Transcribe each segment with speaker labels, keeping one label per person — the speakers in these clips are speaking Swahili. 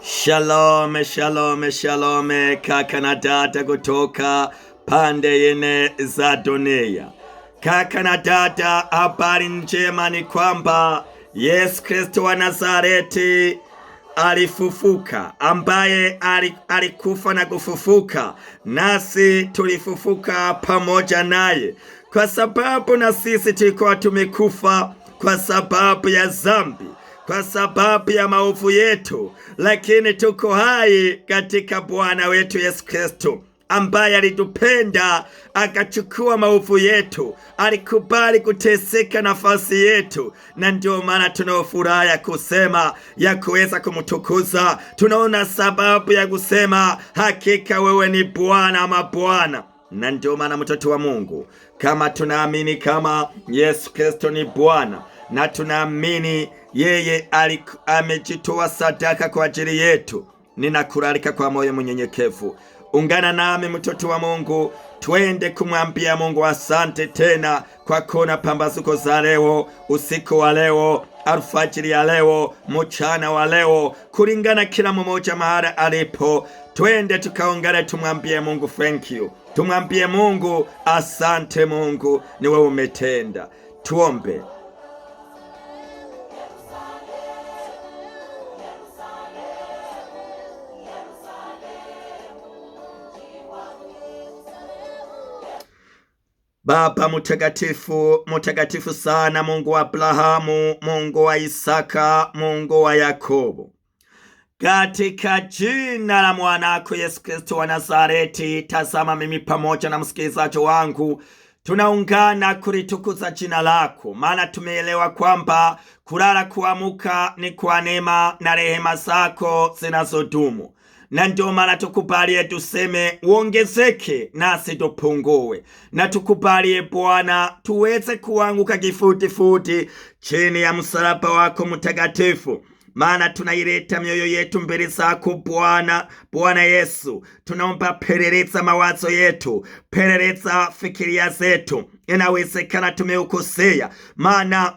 Speaker 1: Shalome, shalome, shalome kaka na dada kutoka pande yene za dunia. Kaka na dada, habari njema ni kwamba Yesu Kristo wa Nazareti alifufuka, ambaye alikufa na kufufuka, nasi tulifufuka pamoja naye, kwa sababu na sisi tulikuwa tumekufa kwa sababu ya zambi kwa sababu ya maovu yetu, lakini tuko hai katika Bwana wetu Yesu Kristo ambaye alitupenda akachukua maovu yetu, alikubali kuteseka nafasi yetu, na ndio maana tunao furaha ya kusema ya kuweza kumtukuza. Tunaona sababu ya kusema hakika wewe ni Bwana ama bwana na ndio maana mtoto wa Mungu, kama tunaamini kama Yesu Kristo ni Bwana na tunaamini yeye amejitoa sadaka kwa ajili yetu. Ninakulalika kwa moyo mnyenyekevu, ungana nami mtoto wa Mungu, twende kumwambia Mungu asante tena kwa kona pambazuko za leo, usiku wa leo, alfajiri ya leo, mchana wa leo, kulingana kila mmoja mahala alipo. Twende tukaongere, tumwambie Mungu thank you, tumwambie Mungu asante. Mungu ni wewe umetenda. Tuombe. Baba mutakatifu, mutakatifu sana, Mungu wa Abrahamu, Mungu wa Isaka, Mungu wa Yakobo, katika jina la mwanako Yesu Kristo wa Nazareti, tazama mimi pamoja na msikilizaji wangu tunaungana kulitukuza jina lako, maana tumeelewa kwamba kulala kuamuka ni kwa neema na rehema zako zinazodumu na ndio maana tukubalie tuseme uongezeke nasi tupungue, na tukubalie Bwana tuweze kuanguka kifutifuti chini ya msalaba wako mtakatifu maana tunaileta mioyo yetu mbele zako Bwana. Bwana Yesu, tunaomba peleleza mawazo yetu, peleleza fikiria zetu. Inawezekana tumeukosea, maana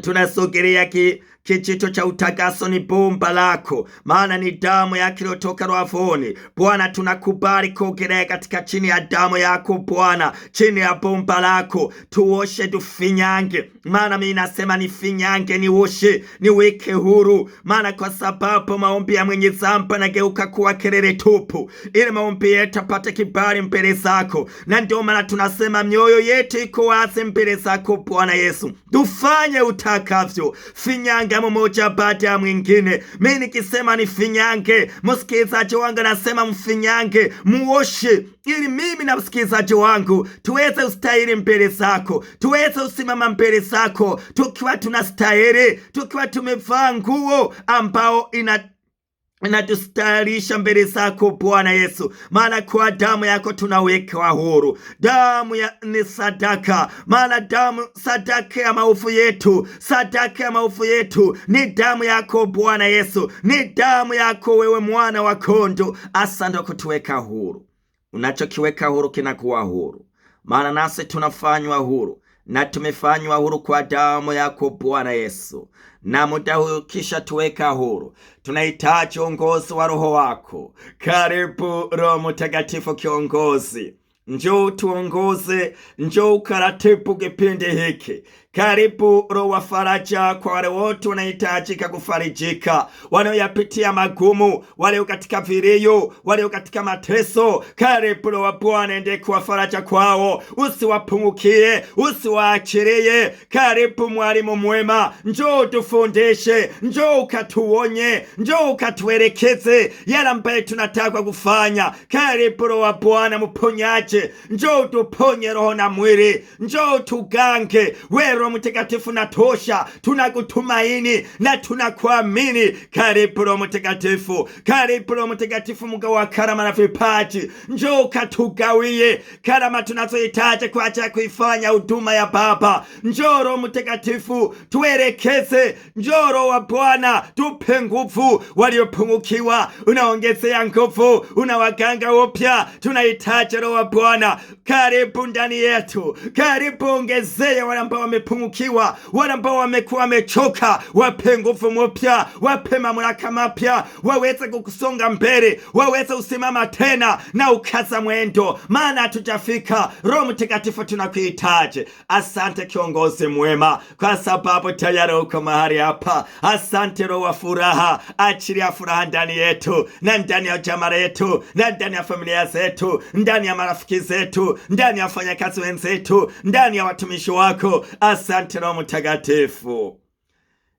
Speaker 1: tunasogelea ki Kijito cha utakaso ni bomba lako, maana ni damu yake iliyotoka rwavoni. Bwana, tunakubali kuogelea katika chini ya damu yako Bwana, chini ya bomba lako, tuoshe tufinyange, maana mimi nasema nifinyange, nioshe, niweke huru, maana kwa sababu maombi ya mwenye dhambi nageuka kuwa kelele tupu, ili maombi yetu apate kibali mbele zako, na ndio maana tunasema mioyo yetu iko wazi mbele zako Bwana Yesu, tufanye utakavyo, finyange mwanadamu moja baada ya mwingine. Mimi nikisema nifinyange, msikilizaji wangu anasema mfinyange, muoshe, ili mimi na msikilizaji wangu tuweze ustahili mbele zako, tuweze usimama mbele zako tukiwa tunastahili, tukiwa tumevaa nguo ambao ina natustayarisha mbele zako Bwana Yesu, maana kwa damu yako tunawekwa huru. Damu ya ni sadaka, maana damu sadaka ya maovu yetu, sadaka ya maovu yetu ni damu yako Bwana Yesu, ni damu yako wewe, mwana wa kondo. Asante kwa kutuweka huru, unachokiweka huru kinakuwa huru, maana nasi tunafanywa huru na tumefanywa huru kwa damu yako Bwana Yesu, na muda huyu kisha tuweka huru. Tunahitaji uongozi wa Roho wako. Karibu Roho Mtakatifu kiongozi, njoo tuongoze, njoo ukaratibu kipindi hiki karibu roho faraja kwa wale wote wanahitajika kufarijika, wanaoyapitia magumu, walio katika vilio, walio katika mateso. Karibu roho Bwana, ende kuwa faraja kwao, usiwapungukie, usiwaachilie. Karibu mwalimu mwema, njoo tufundishe, njoo ukatuonye, njoo ukatuelekeze yale ambayo tunataka kufanya. Karibu roho Bwana mponyaje, njoo tuponye roho na mwili, njoo tugange wewe Roho Mtakatifu na tosha, tunakutumaini na tunakuamini. Karibu Roho Mtakatifu, karibu Roho Mtakatifu, Mungu wa karama na vipaji, njoo katugawie karama tunazohitaji kwa ajili ya kuifanya huduma ya Baba. Njoo Roho Mtakatifu, tuelekeze. Njoo Roho wa Bwana, tupe nguvu. Waliopungukiwa unaongezea nguvu, unawaganga upya. Tunahitaji Roho wa Bwana, karibu ndani yetu, karibu ongezee wale ambao wame wamepungukiwa, wale ambao wamekuwa wamechoka, wape nguvu mpya, wape mamlaka mapya, waweze kukusonga mbele, waweze kusimama tena na ukaza mwendo, maana hatujafika. Roho Mtakatifu tunakuhitaji. Asante kiongozi mwema, kwa sababu tayari uko mahali hapa. Asante Roho wa furaha, achilia furaha ndani yetu na ndani ya jamaa yetu na ndani ya familia zetu, ndani ya marafiki zetu, ndani ya wafanyakazi wenzetu, ndani ya watumishi wako. Asante Asante Roho Mtakatifu.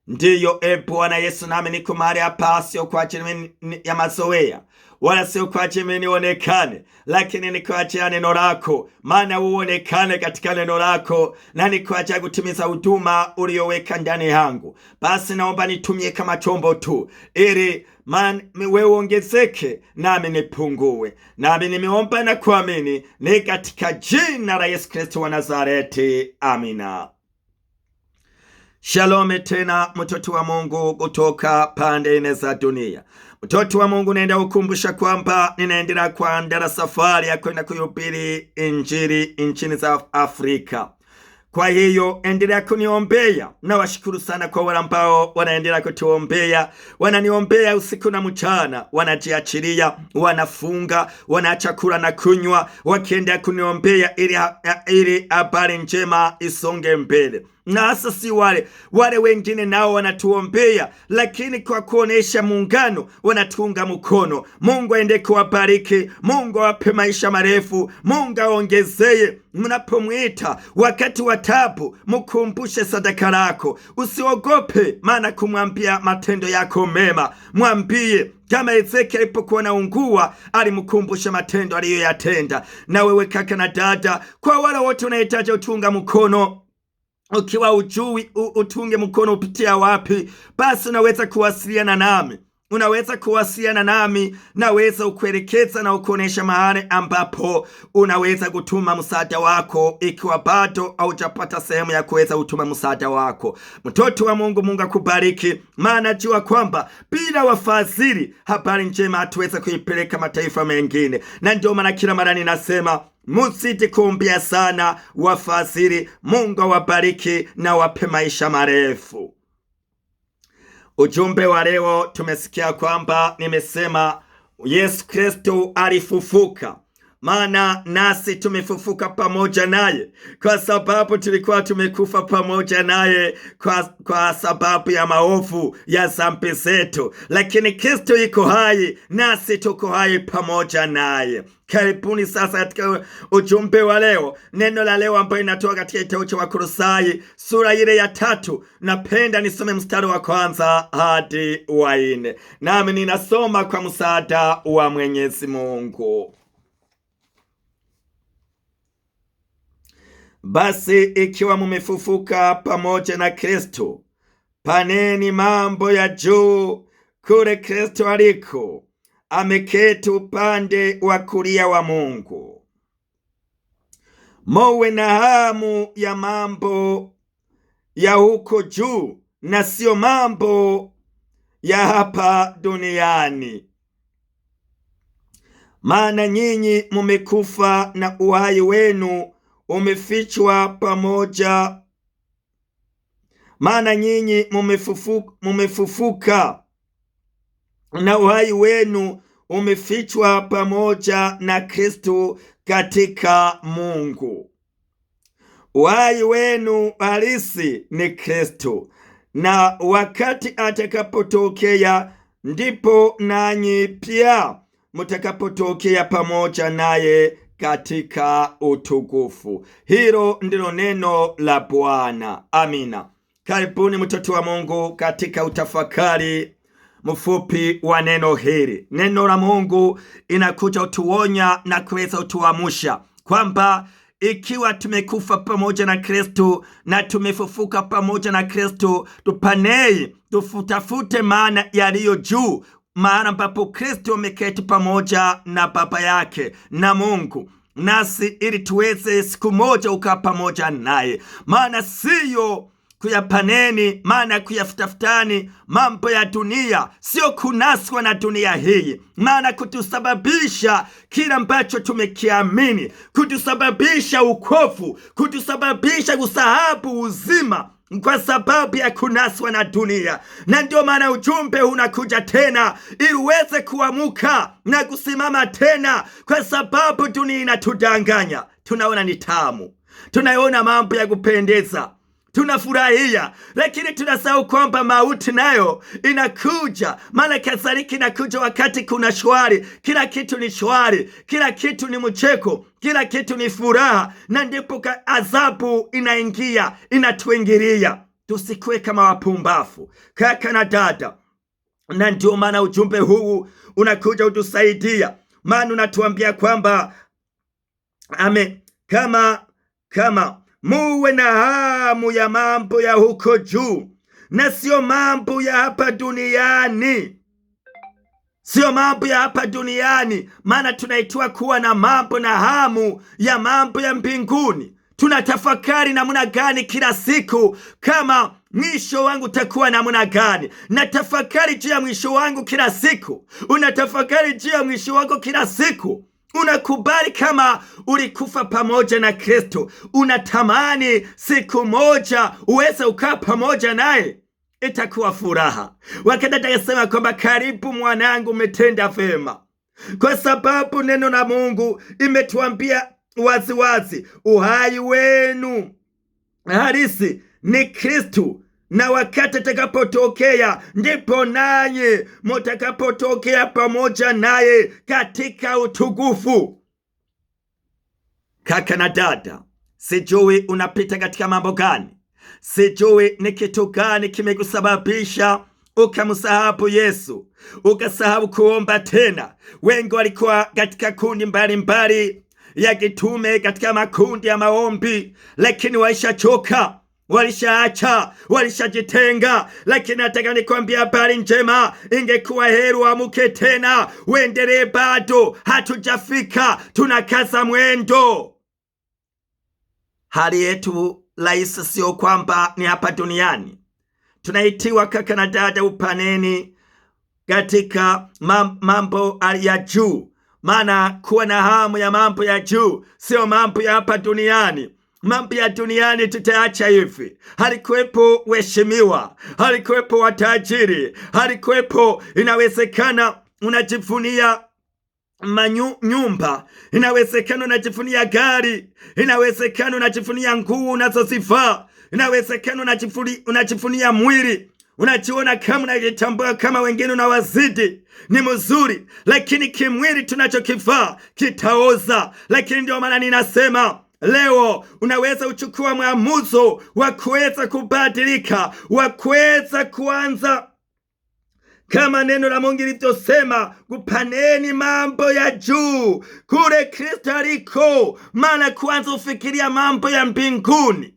Speaker 1: Ndiyo, e Bwana Yesu, nami niko mahali hapa, sio kwa ajili ya mazoea wala sio kwa ajili mimi nionekane, lakini ni kwa ajili ya neno lako, maana uonekane katika neno lako, na ni kwa ajili ya kutimiza huduma uliyoweka ndani yangu. Basi naomba nitumie kama chombo tu, ili wewe uongezeke nami nipungue. Nami nimeomba na kuamini, ni katika jina la Yesu Kristo wa Nazareti, amina. Shalome tena mtoto wa Mungu kutoka pande nne za dunia. Mtoto wa Mungu, naenda kukumbusha kwamba ninaendelea kuandaa safari ya kwenda kuhubiri injili nchini za Afrika. Kwa hiyo endelea kuniombea. Nawashukuru sana kwa wale ambao wanaendelea kutuombea, wananiombea usiku na mchana, wanajiachilia, wanafunga, wanaacha kula na kunywa, wakiendelea kuniombea ili habari njema isonge mbele na hasa si wale wale wengine nao wanatuombea, lakini kwa kuonesha muungano wanatunga mkono. Mungu aende kuwabariki, Mungu awape maisha marefu, Mungu aongezeye. Mnapomwita wakati wa tabu, mkumbushe sadaka lako, usiogope maana kumwambia matendo yako mema. Mwambie kama Ezekieli alipokuwa ungua alimkumbusha matendo aliyoyatenda. Na wewe kaka na dada, kwa wale wote unahitaji utunga mkono ukiwa ujui utunge mkono upitia wapi, basi unaweza kuwasiliana nami unaweza kuwasiana nami, naweza ukuelekeza na ukuonyesha mahali ambapo unaweza kutuma msaada wako, ikiwa bado haujapata sehemu ya kuweza kutuma msaada wako. Mtoto wa Mungu, Mungu akubariki, maana jua kwamba bila wafadhili habari njema hatuweza kuipeleka mataifa mengine, na ndio maana kila mara ninasema Musiti kumbia sana wafasiri. Mungu awabariki na wape maisha marefu. Ujumbe wa leo tumesikia kwamba nimesema Yesu Kristo alifufuka maana nasi tumefufuka pamoja naye, kwa sababu tulikuwa tumekufa pamoja naye kwa, kwa sababu ya maovu ya zambi zetu, lakini Kristo yuko hai nasi tuko hai pamoja naye. Karibuni sasa katika ujumbe wa leo, neno la leo ambayo inatoka katika kitabu cha Wakolosai sura ile ya tatu. Napenda nisome mstari wa kwanza hadi wa nne, nami ninasoma kwa msaada wa Mwenyezi Mungu. Basi ikiwa mumefufuka pamoja na Kristo, paneni mambo ya juu kule Kristo aliko ameketi upande wa kulia wa Mungu. Mowe na hamu ya mambo ya huko juu na siyo mambo ya hapa duniani, maana nyinyi mumekufa na uhai wenu umefichwa pamoja, maana nyinyi mumefufuka, mumefufuka na uhai wenu umefichwa pamoja na Kristo katika Mungu. Uhai wenu halisi ni Kristo, na wakati atakapotokea ndipo nanyi pia mtakapotokea pamoja naye katika utukufu. Hilo ndilo neno la Bwana. Amina. Karibuni mtoto wa Mungu katika utafakari mfupi wa neno hili. Neno la Mungu inakuja utuonya na kuweza utuamusha kwamba ikiwa tumekufa pamoja na Kristu na tumefufuka pamoja na Kristu, tupanei tufutafute maana yaliyo juu, mahali ambapo Kristo ameketi pamoja na Baba yake na Mungu nasi ili tuweze siku moja ukaa pamoja naye, maana siyo kuyapaneni, maana kuyafutafutani mambo ya dunia, siyo kunaswa na dunia hii, maana kutusababisha kila ambacho tumekiamini, kutusababisha ukofu, kutusababisha kusahabu uzima kwa sababu ya kunaswa na dunia, na ndio maana ujumbe unakuja tena ili uweze kuamuka na kusimama tena, kwa sababu dunia inatudanganya. Tunaona ni tamu, tunaona mambo ya kupendeza tunafurahia lakini tunasahau kwamba mauti nayo inakuja. Maana kadhalika inakuja wakati kuna shwari, kila kitu ni shwari, kila kitu ni mcheko, kila kitu ni furaha, na ndipo adhabu inaingia, inatuingilia. Tusikuwe kama wapumbafu, kaka na dada, na ndio maana ujumbe huu unakuja utusaidia, maana unatuambia kwamba ame kama kama muwe na nidhamu ya mambo ya huko juu na siyo mambo ya hapa duniani, siyo mambo ya hapa duniani, maana tunaitiwa kuwa na mambo na hamu ya mambo ya mbinguni. Tunatafakari namna gani kila siku kama mwisho wangu utakuwa namna gani? Natafakari juu ya mwisho wangu kila siku. Unatafakari juu ya mwisho wako kila siku? Unakubali kama ulikufa pamoja na Kristo. Unatamani siku moja uweze ukaa pamoja naye, itakuwa furaha. Wakati atakasema kwamba karibu mwanangu, umetenda vema, kwa sababu neno la Mungu imetuambia waziwazi, uhai wenu halisi ni Kristu na wakati atakapotokea ndipo naye mutakapotokea pamoja naye katika utukufu. Kaka na dada, sijui unapita katika mambo gani, sijui ni kitu gani kimekusababisha ukamsahabu Yesu, ukasahabu kuomba tena. Wengi walikuwa katika kundi mbalimbali mbali ya kitume, katika makundi ya maombi, lakini waisha choka walishaacha, walishajitenga, lakini nataka nikwambia habari njema. Ingekuwa heru amuke tena, uendelee. Bado hatujafika, tunakaza mwendo. Hali yetu rahisi siyo kwamba ni hapa duniani, tunaitiwa kaka na dada upaneni katika mambo ya juu, maana kuwa na hamu ya mambo ya juu siyo mambo ya hapa duniani. Mambo ya duniani tutaacha hivi. Halikuwepo weshimiwa halikuwepo watajiri, halikuwepo. Inawezekana unajivunia manyu, nyumba inawezekana unajivunia gari, inawezekana unajivunia nguo unazozivaa, inawezekana unajivunia unajivunia mwili unajiona kama unajitambua kama wengine unawazidi, ni mzuri, lakini kimwili tunachokivaa kitaoza. Lakini ndio maana ninasema Leo unaweza uchukua maamuzo wa kuweza kubadilika, wa kuweza kuanza kama neno la Mungu lilivyosema, kupaneni mambo ya juu kule Kristo aliko, maana kwanza ufikiria mambo ya mbinguni.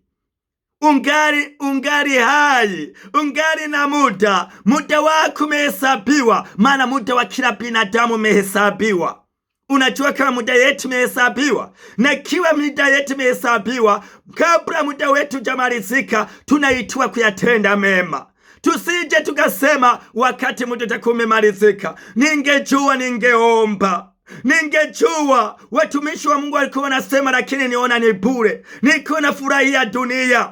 Speaker 1: Ungali ungali hai, ungali na muda, muda wako umehesabiwa, maana muda wa kila binadamu umehesabiwa. Unajua kama muda yetu imehesabiwa, na ikiwa muda yetu imehesabiwa, kabla muda wetu jamalizika, tunaitwa kuyatenda mema tusije tukasema wakati muda utakuwa umemalizika, ningejua ningeomba ningejua watumishi wa Mungu walikuwa wanasema, lakini niona ni bure, niko na furahia dunia.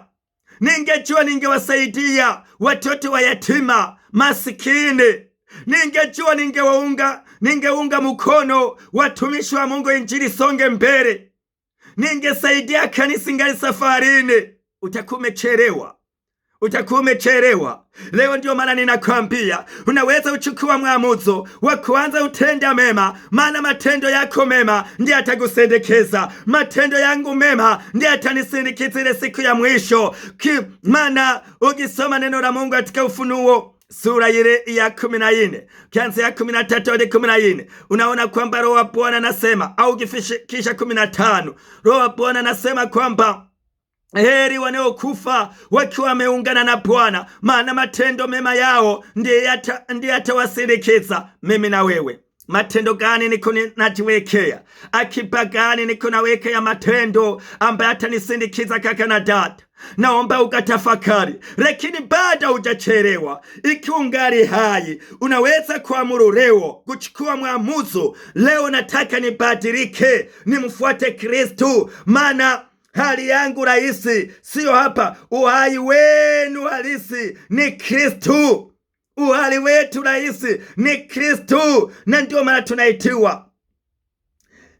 Speaker 1: Ningejua ningewasaidia watoto wa yatima masikini, ningejua ningewaunga ningeunga mkono watumishi wa Mungu, injili songe mbele, ningesaidia kanisa ngali safarini, utakuwa umechelewa utakuwa umechelewa. Leo ndiyo maana ninakwambia unaweza uchukua mwamuzo wa kuanza utenda mema, maana matendo yako mema ndiye atakusendekeza. Matendo yangu mema ndiye atanisindikiza ile siku ya mwisho kimana ugisoma ukisoma neno la Mungu katika Ufunuo sura ile ya kumi na nne ya kumi na tatu hadi kumi na unaona kwamba roho wa Bwana anasema au kisha kumi na tano roho wa Bwana anasema kwamba heri wanaokufa wakiwa wameungana na Bwana, maana matendo mema yao ndiye atawasindikiza. Mimi na wewe matendo gani niko najiwekea? Akiba gani niko nawekea matendo ambaye atanisindikiza kaka na dada? Naomba ukatafakari, lakini bado hujachelewa. Ikiwa ungali hai, unaweza kuamuru leo, kuchukua mwamuzo leo, nataka nibadilike, nimfuate Kristu, maana hali yangu rahisi siyo hapa. Uhai wenu halisi ni Kristu, uhali wetu rahisi ni Kristu, na ndio maana tunaitiwa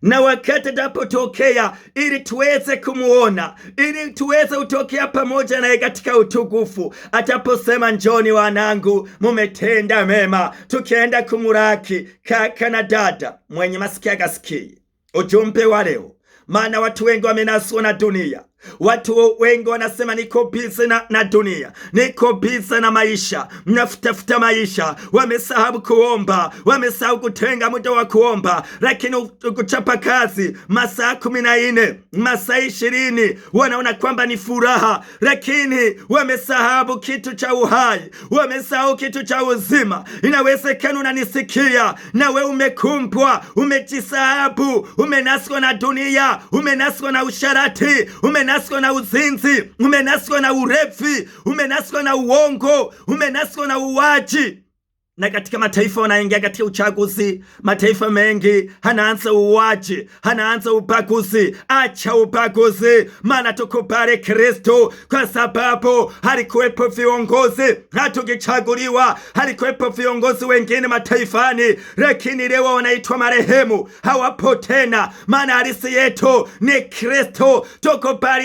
Speaker 1: na wakati atapotokea, ili tuweze kumuona, ili tuweze kutokea pamoja naye katika utukufu, ataposema njoni wanangu, mumetenda mema, tukienda kumuraki kaka na dada. Mwenye masikia, akasikie ujumbe wa leo, maana watu wengi wamenaswa na dunia Watu wengi wanasema niko busy na, na dunia, niko busy na maisha, mnafutafuta maisha. Wamesahau kuomba, wamesahau kutenga muda wa kuomba, lakini kuchapa kazi masaa kumi na nne masaa ishirini wanaona kwamba ni furaha, lakini wamesahau kitu cha uhai, wamesahau kitu cha uzima. Inawezekana unanisikia na we umekumbwa, umejisahabu, umenaswa na dunia, umenaswa na usharati, umenaswa umenaswa na uzinzi, umenaswa na urefi, umenaswa na uongo, umenaswa na uwaji na katika mataifa wanaingia katika uchaguzi, mataifa mengi hanaanza uwaji, hanaanza ubaguzi. Acha ubaguzi, maana pale Kristo, kwa sababu halikuwepo viongozi, hatukichaguliwa, halikuwepo viongozi wengine mataifani, lakini leo wanaitwa marehemu, hawapo tena, maana halisi yetu ni Kristo.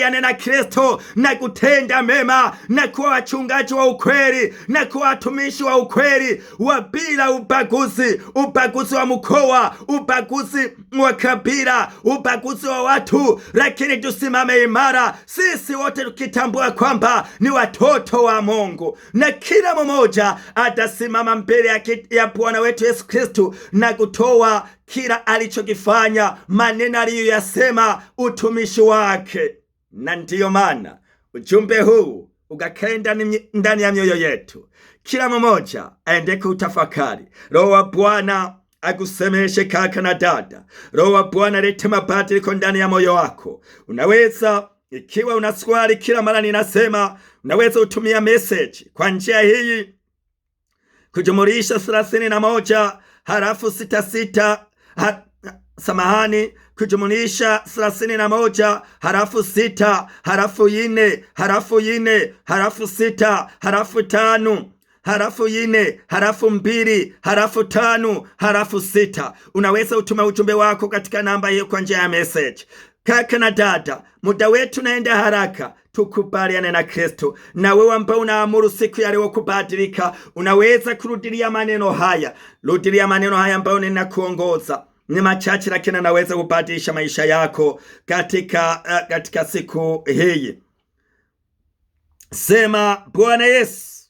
Speaker 1: yane na Kristo na kutenda mema na kuwa wachungaji wa ukweli na kuwa watumishi wa ukweli wa bila ubaguzi, ubaguzi wa mkoa, ubaguzi wa kabila, ubaguzi wa watu, lakini tusimame imara, sisi wote tukitambua kwamba ni watoto wa Mungu, na kila mmoja atasimama mbele ya, Bwana wetu Yesu Kristu na kutoa kila alichokifanya, maneno aliyoyasema utumishi wake. Na ndiyo maana ujumbe huu ukakae ndani ya mioyo yetu, kila mmoja aende kutafakari. Roho wa Bwana akusemeshe kaka na dada. Roho wa Bwana lete mabadiliko ndani ya moyo wako. Unaweza ikiwa una swali, kila mara ninasema unaweza utumia meseji kwa njia hii kujumulisha thelathini na moja halafu sita sita samahani kujumulisha thelathini na moja harafu sita harafu yine harafu yine harafu sita harafu tano harafu yine harafu mbili harafu tano harafu sita. Unaweza utuma ujumbe wako katika namba hiyo kwa njia ya message. Kaka na dada, muda wetu naenda haraka, tukubaliane na Kristo. Na wewe ambao unaamuru siku ya leo kubadilika, unaweza kurudilia maneno haya, rudilia maneno haya ambayo ninakuongoza ni machache, lakini anaweza kubadilisha maisha yako katika, uh, katika siku hii. Sema, Bwana Yesu,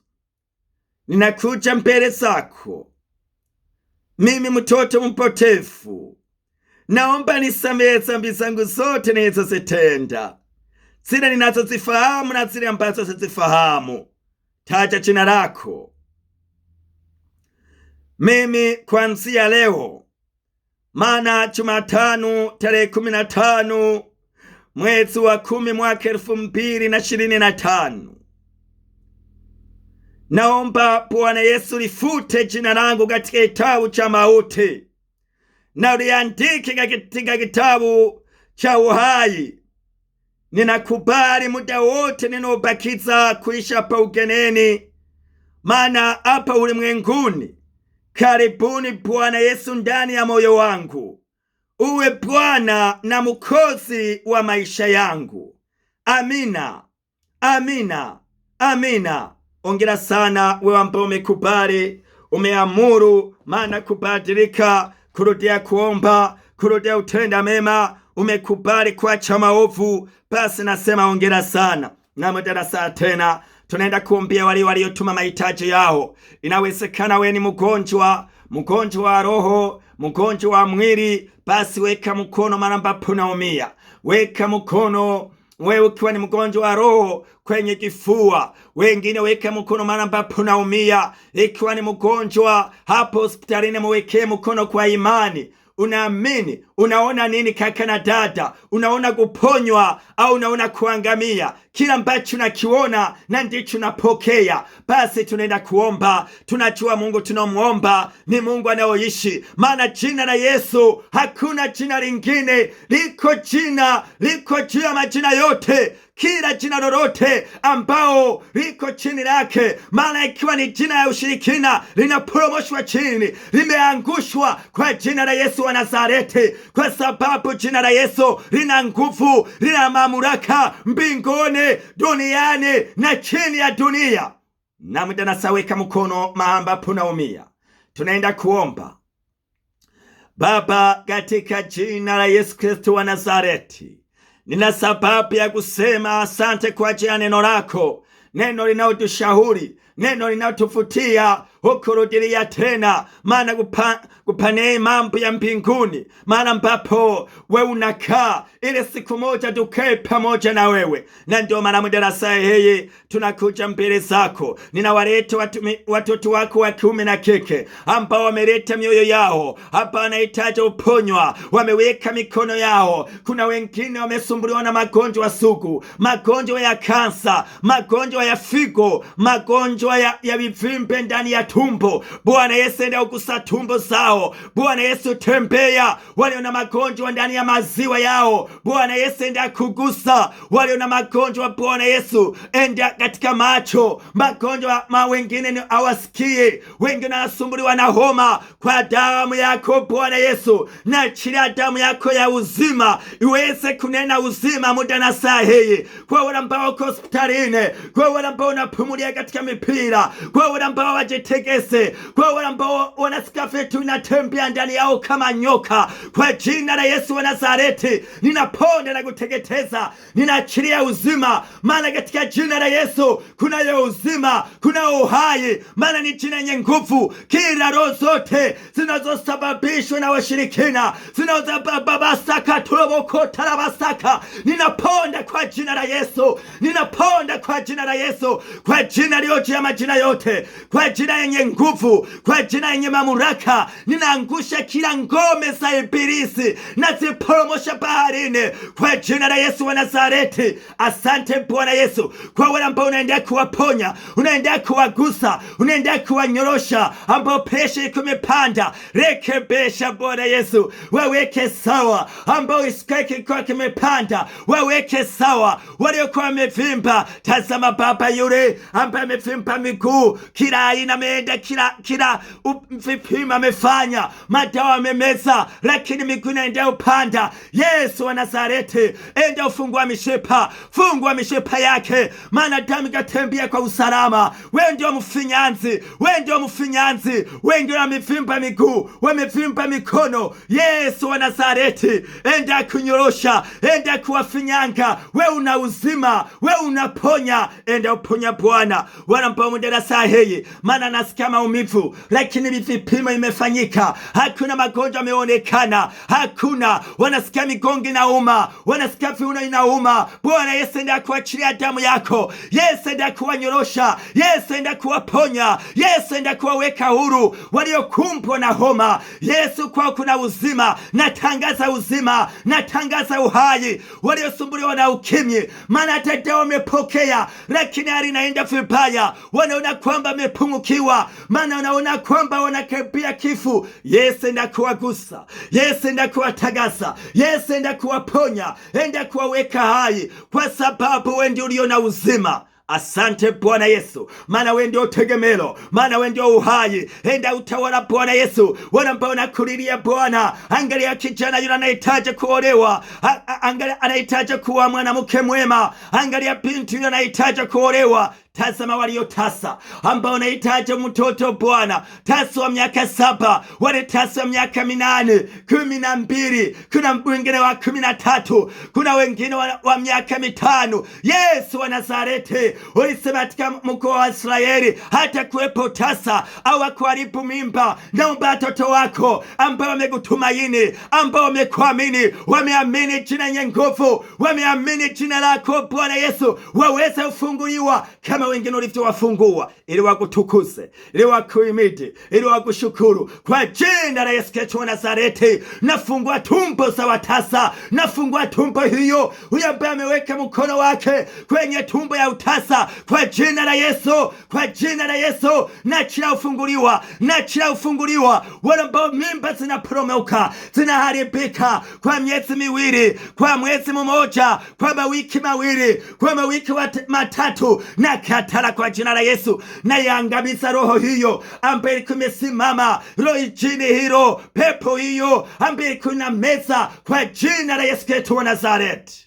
Speaker 1: ninakuja mbele zako, mimi mtoto mpotefu, naomba nisamehe dhambi zangu zote nilizozitenda, zile ninazozifahamu na zile ambazo sizifahamu. Taja jina lako. Mimi kuanzia leo Mana Jumatano tarehe kumi na tano mwezi wa kumi mwaka elfu mbili na ishirini na tano naomba Bwana Yesu lifute jina langu katika kitabu cha mauti na uliandike katika kitabu cha uhai. Ninakubali muda wote ninobakiza kuisha pa ugeneni, mana apa ulimwenguni Karibuni Bwana Yesu ndani ya moyo wangu, uwe Bwana na mukozi wa maisha yangu. Amina, amina, amina. Ongera sana wewe ambaye umekubali, umeamuru maana kubadilika, kurudia kuomba, kurudia utenda mema, umekubali kuacha maovu. Basi nasema ongera sana, na darasa tena tunaenda kuombea wale waliotuma mahitaji yao. Inawezekana we ni mgonjwa, mgonjwa wa roho, mgonjwa wa mwili, basi weka mkono mara ambapo unaumia, weka mkono wewe ukiwa ni mgonjwa wa roho kwenye kifua, wengine weka mkono mara ambapo unaumia. Ikiwa ni mgonjwa hapo hospitalini, muwekee mkono kwa imani, unaamini Unaona nini kaka na dada? Unaona kuponywa au unaona kuangamia? Kila ambacho unakiona na ndicho napokea. Basi tunaenda kuomba, tunajua Mungu tunamuomba ni Mungu anayoishi, maana jina la Yesu hakuna jina lingine, liko jina, liko juu ya majina yote kila jina lolote ambao liko chini lake, maana ikiwa ni jina ya ushirikina linaporomoshwa chini, limeangushwa kwa jina la Yesu wa Nazareti kwa sababu jina la Yesu lina nguvu, lina mamlaka mbinguni, duniani na chini ya dunia. Na muda nasaweka mkono mahamba punaumia, tunaenda kuomba. Baba, katika jina la Yesu Kristo wa Nazareti, nina sababu ya kusema asante kwa ajili ya neno lako, neno linalotushauri, neno linalotufutia hukurudilia tena, maana kupanee mambo ya mbinguni, mana mbapo we unakaa, ili siku moja tukae pamoja na wewe. Na ndio maana madarasa heye tunakuja mbele zako, ninawaleta watoto wako wa kiume na kike ambao wameleta mioyo yao hapa, wanahitaji uponywa, wameweka mikono yao. Kuna wengine wamesumbuliwa na magonjwa sugu, magonjwa ya kansa, magonjwa ya figo, magonjwa ya, ya vivimbe ndani ya tumbo. Bwana Yesu, enda kugusa tumbo zao. Bwana Yesu, tembea walio na magonjwa ndani ya maziwa yao. Bwana Yesu, enda kugusa walio na magonjwa. Bwana Yesu, enda katika macho magonjwa ma wengine ni awasikie, wengine wanasumbuliwa na homa, kwa damu yako Bwana Yesu na chila damu yako ya uzima iweze kunena uzima muda na saa hii, kwa wale ambao wako hospitalini, kwa wale ambao wanapumulia katika mipira, kwa wale ambao wajete wakutegese, kwa wale ambao wanasikia vitu inatembea ndani yao kama nyoka, kwa jina la Yesu wa Nazareti, ninaponda na kuteketeza, ninaachilia uzima, maana katika jina la Yesu kunayo uzima, kuna uhai, maana ni jina lenye nguvu. Kila roho zote zinazosababishwa na washirikina, zinazobabasaka tulobokotarabasaka, ninaponda kwa jina la Yesu, ninaponda kwa jina la Yesu, kwa jina liyo juu ya majina yote, kwa jina ya yenye nguvu, kwa jina yenye mamlaka ninaangusha kila ngome za ibilisi, ziporomosha baharini kwa jina la Yesu wa Nazareti. Asante Bwana Yesu kwa wale ambao unaendelea kuwaponya, unaendelea kuwagusa, unaendelea kuwanyorosha, ambao presha iko imepanda, rekebesha Bwana Yesu, waweke sawa, ambao iskaki iko kimepanda, waweke sawa, waliokuwa wamevimba. Tazama Baba yule ambaye amevimba miguu kila aina ameenda kila kila vipima amefanya, madawa amemeza, lakini miguu inaendea upanda. Yesu wa Nazareti, enda ufungua mishipa, fungua mishipa yake, maana damu ikatembea kwa usalama. Wewe ndio mfinyanzi, wewe ndio mfinyanzi, wewe ndio wamevimba miguu, wamevimba mikono. Yesu wa Nazareti, enda kunyorosha, enda kuwafinyanga. Wewe una uzima, wewe unaponya, enda uponya Bwana, wana ambao mudarasa heyi maana unasikia maumivu, lakini vipimo imefanyika, hakuna magonjwa ameonekana, hakuna. Wanasikia migongo inauma, wanasikia viuno inauma. Bwana Yesu ndiye akuachilia damu yako. Yesu ndiye akuwanyorosha. Yesu ndiye akuwaponya. Yesu ndiye kuwaweka huru waliokumbwa na homa. Yesu, kwao kuna uzima. Natangaza uzima, natangaza uhai waliosumbuliwa na ukimwi, maana hata dawa wamepokea, lakini hali inaenda vibaya, wanaona kwamba amepungukiwa mana maana wanaona kwamba wanakaribia kifu. Yesu enda kuwagusa, Yesu enda kuwatakasa, Yesu enda kuwaponya, enda kuwaweka hai, kwa sababu wewe ulio na uzima. Asante Bwana Yesu, maana wewe ndio tegemelo, maana wewe ndio uhai. Enda utawala Bwana Yesu, wana ambao wanakulilia Bwana. Angalia kijana yule anahitaji kuolewa, angalia anahitaji kuwa mwanamke mwema, angalia binti yule anahitaji kuolewa. Tazama walio tasa ambao nahitaji mtoto Bwana, tasa wa miaka saba, wale tasa wa miaka minane, kumi na mbili, kuna wengine wa kumi na tatu, kuna wengine wa, wa miaka mitano. Yesu wa Nazareti, ulisema katika mkoa wa Israeli hata kuwepo tasa au akuharibu mimba. Naomba watoto wako ambao wamekutumaini, ambao wamekuamini, wameamini jina yenye nguvu, wameamini jina lako Bwana Yesu, waweze kufunguliwa kama wengine ulivyowafungua ili wakutukuse, ili wakuimite, ili wakushukuru kwa jina la Yesu Kristo wa Nazareti. Nafungua tumbo za watasa, nafungua tumbo hiyo, huyo ambaye ameweka mkono wake kwenye tumbo ya utasa kwa jina la Yesu, kwa jina la Yesu, nachia ufunguliwa, nachia ufunguliwa. Wale ambao mimba zinaporomoka zinaharibika kwa miezi miwili, kwa mwezi mmoja, kwa mawiki mawili, kwa mawiki matatu na nakatala kwa jina la Yesu, naiangamiza roho hiyo ambayo ilikuwa imesimama roho jini hilo, pepo hiyo ambayo ilikuwa meza kwa jina la Yesu Kristo wa Nazareti.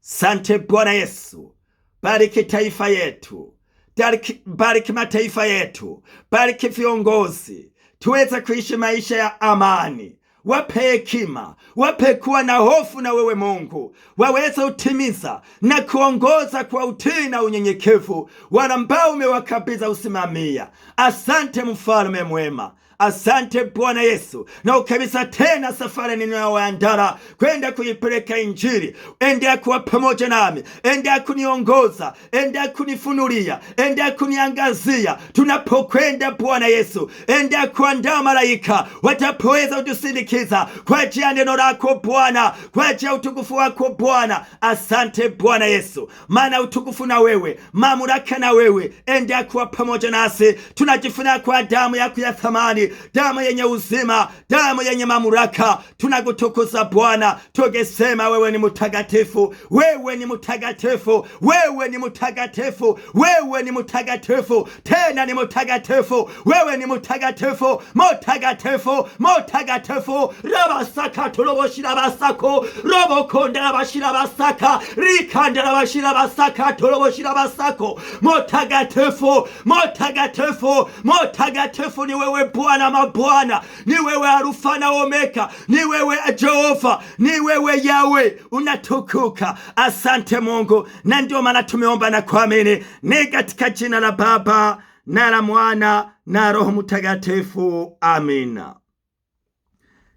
Speaker 1: Sante Bwana Yesu, bariki taifa yetu, bariki, bariki mataifa yetu, bariki viongozi tuweze kuishi maisha ya amani Wape hekima, wape kuwa na hofu na wewe Mungu, waweze utimiza na kuongoza kwa utii na unyenyekevu wale ambao umewakabidha usimamia. Asante mfalme mwema. Asante Bwana Yesu, na ukabisa tena safari ninayoandara kwenda kuipeleka Injili, endea kuwa pamoja nami, endea kuniongoza, endea kunifunulia, endea kuniangazia tunapokwenda Bwana Yesu, endea kuandaa malaika watapoweza kutusindikiza kwa ajili ya neno lako Bwana, kwa ajili ya utukufu wako Bwana. Asante Bwana Yesu, maana utukufu na wewe, mamlaka na wewe, endea kuwa pamoja nasi. Tunajifunia kwa damu yako ya thamani damu yenye uzima, damu yenye mamlaka. Tunakutukuza Bwana tukisema wewe ni mtakatifu, wewe ni mtakatifu, wewe ni mtakatifu, wewe ni mtakatifu, tena ni mtakatifu, wewe ni mtakatifu, mtakatifu, mtakatifu rabasaka toloboshira basako robokondera bashira basaka rikandera bashira basaka toloboshira basako mtakatifu, mtakatifu, mtakatifu ni wewe Bwana na mabwana, ni wewe Alfa na Omega, ni wewe Jehova, ni wewe Yawe, unatukuka. Asante Mungu, na ndio maana tumeomba na kuamini, ni katika jina la Baba na la Mwana na Roho Mtakatifu, amina.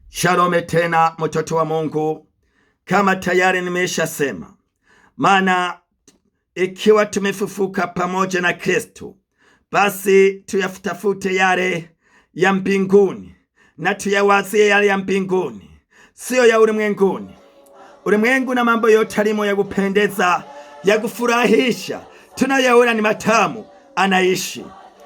Speaker 1: Shalome tena, mtoto wa Mungu, kama tayari sema maana ikiwa tumefufuka pamoja na Kristo, basi tuyafutafute yale ya mbinguni na tuyawazie yale ya mbinguni, siyo ya ulimwenguni. Ulimwengu na mambo yote alimo ya kupendeza, ya kufurahisha, tunayaona ni matamu, anaishi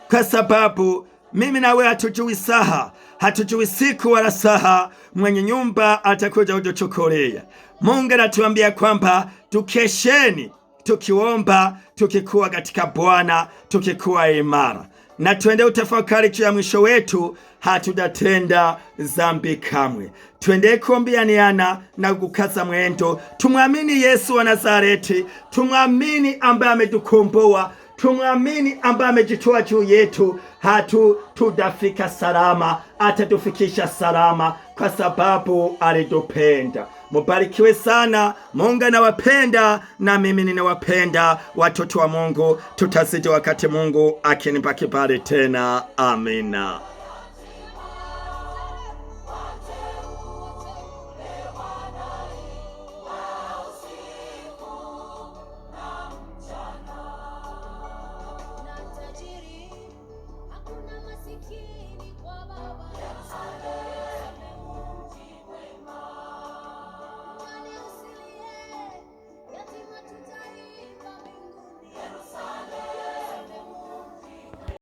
Speaker 1: kwa sababu mimi nawe hatujui saha, hatujui siku wala saha mwenye nyumba atakuja kutuchukulia. Mungu anatuambia kwamba tukesheni tukiomba, tukikuwa katika Bwana, tukikuwa imara na twende utafakari juu ya mwisho wetu, hatudatenda zambi kamwe. Twende kuombianiana na kukaza mwendo, tumwamini Yesu wa Nazareti, tumwamini ambaye ametukomboa tumwamini ambaye amejitoa juu yetu. Hatu tutafika salama, atatufikisha salama, kwa sababu alitupenda. Mubarikiwe sana. Mungu anawapenda na mimi ninawapenda watoto wa Mungu. Tutazidi wakati Mungu akinipa kibali tena. Amina.